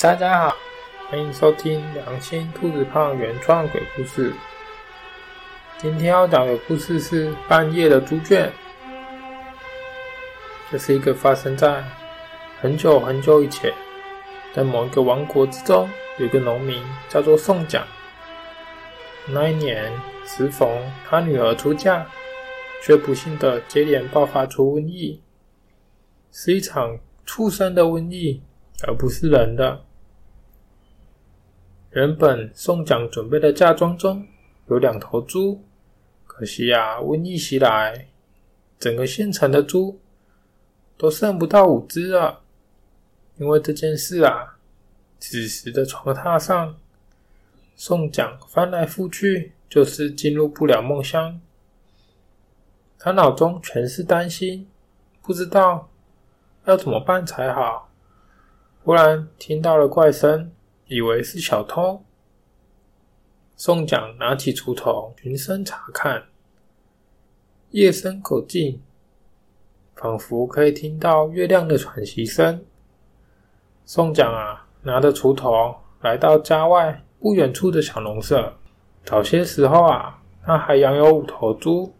大家好，歡迎收聽良心兔子胖原創鬼故事。今天要講的故事是半夜的豬圈。這是一個發生在很久很久以前，在某一個王國之中，有一個農民叫做宋甲。那一年適逢他女兒出嫁，卻不幸的接連爆發出瘟疫，是一場畜生的瘟疫，而不是人的。原本宋蔣準備的嫁妝中有兩頭豬，可惜呀、啊，瘟疫襲來，整個縣城的豬都剩不到五隻了。因為這件事啊，此時的床榻上，宋蔣翻來覆去就是進入不了夢鄉，他腦中全是擔心，不知道要怎麼辦才好。忽然聽到了怪聲。以為是小偷，宋江拿起鋤頭，循聲查看。夜深口靜，仿佛可以聽到月亮的喘息聲。宋江啊，拿着鋤頭來到家外不遠處的小農舍，早些時候啊，他還養有五頭豬，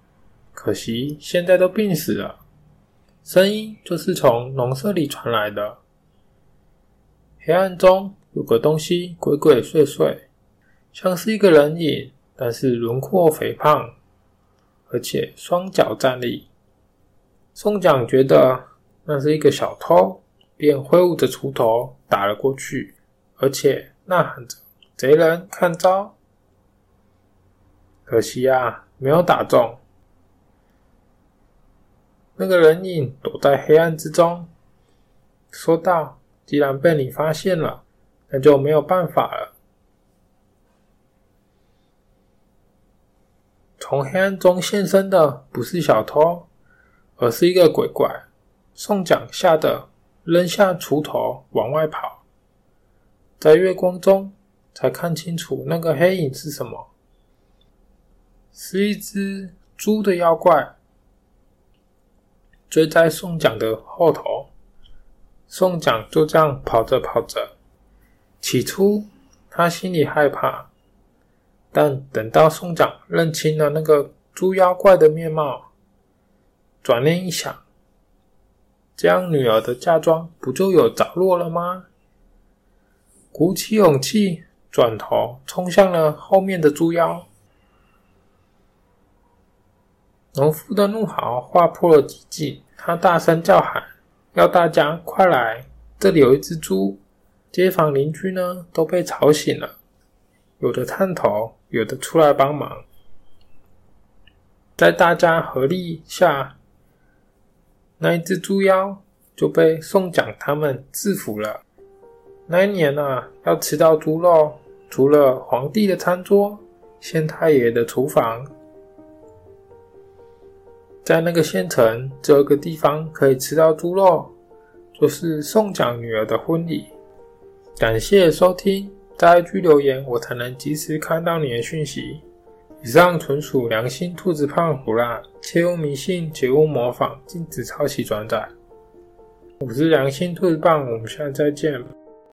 可惜現在都病死了。聲音就是從農舍裡傳來的，黑暗中。有個東西鬼鬼祟祟，像是一個人影，但是輪廓肥胖，而且雙腳站立。宋蔣覺得那是一個小偷，便揮舞着鋤頭打了過去。而且吶喊着，賊人看招，可惜啊，沒有打中。那個人影躲在黑暗之中，說道：“既然被你發現了。”那就沒有辦法了。從黑暗中現身的不是小偷，而是一個鬼怪。宋講嚇得扔下鋤頭往外跑，在月光中才看清楚那個黑影是什麼，是一隻豬的妖怪，追在宋講的後頭。宋講就這樣跑着跑着。起初，他心裡害怕，但等到宋長認清了那個豬妖怪的面貌，轉念一想，將女兒的嫁妝不就有着落了嗎？鼓起勇氣，轉頭衝向了後面的豬妖。農夫的怒吼劃破了寂靜，他大聲叫喊：“要大家快來，這裡有一隻豬！”街坊鄰居呢都被吵醒了，有的探頭，有的出來幫忙。在大家合力下，那一隻豬妖就被宋江他們制服了。那一年啊，要吃到豬肉，除了皇帝的餐桌、縣太爺的廚房，在那個縣城，只有一個地方可以吃到豬肉，就是宋江女兒的婚禮。感謝收聽，在 IG 留言，我才能及時看到你的訊息。以上純屬良心兔子胖唬爛，切勿迷信，切勿模仿，禁止抄襲轉載。我是良心兔子胖，我們下次再見。